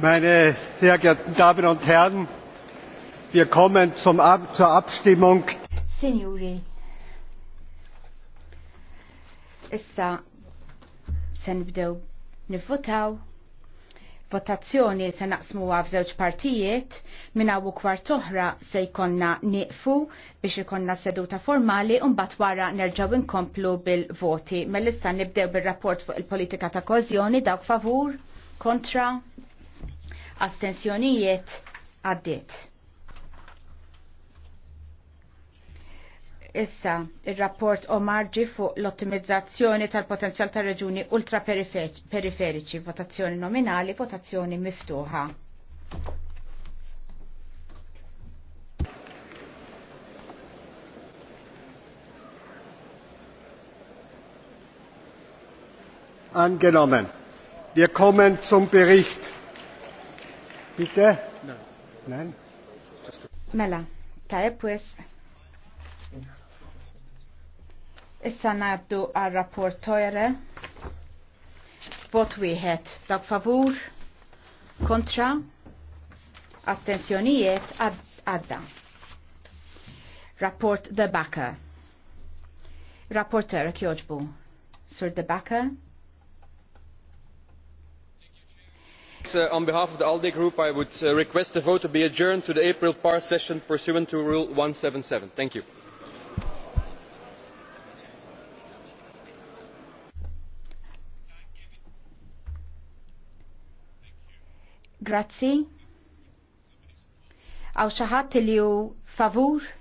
Meine sehr geehrten Damen und Herren, wir kommen zum Ab zur Abstimmung. Signori, issa se nibdew nivvotaw. Votazzjoni se naqsmu għaf żewġ partijiet minn għawu kwart oħra se jkonna nieqfu biex ikonna seduta formali un bat wara nerġaw inkomplu bil-voti. Mel-issa nibdew bil-rapport fuq il-politika ta' kozjoni dawk favur, kontra, astensjonijiet għaddit. Issa, il-rapport omarġi fuq l-ottimizzazzjoni tal-potenzjal tal reġuni ultraperiferiċi, votazzjoni nominali, votazzjoni miftuħa. Angenommen. Wir kommen zum Bericht Peter? No. Nein? Mela, ta' wis. Issa nabdu għal rapport tojre. Vot wieħed dak favur, kontra, astensjonijiet għadda. Rapport de Debaka. Rapporter Kjoġbu. Sur de Debaka. Uh, on behalf of the alde group i would uh, request the vote to be adjourned to the april par session pursuant to rule. one hundred and seventy seven Għaw xaħat li ju favur?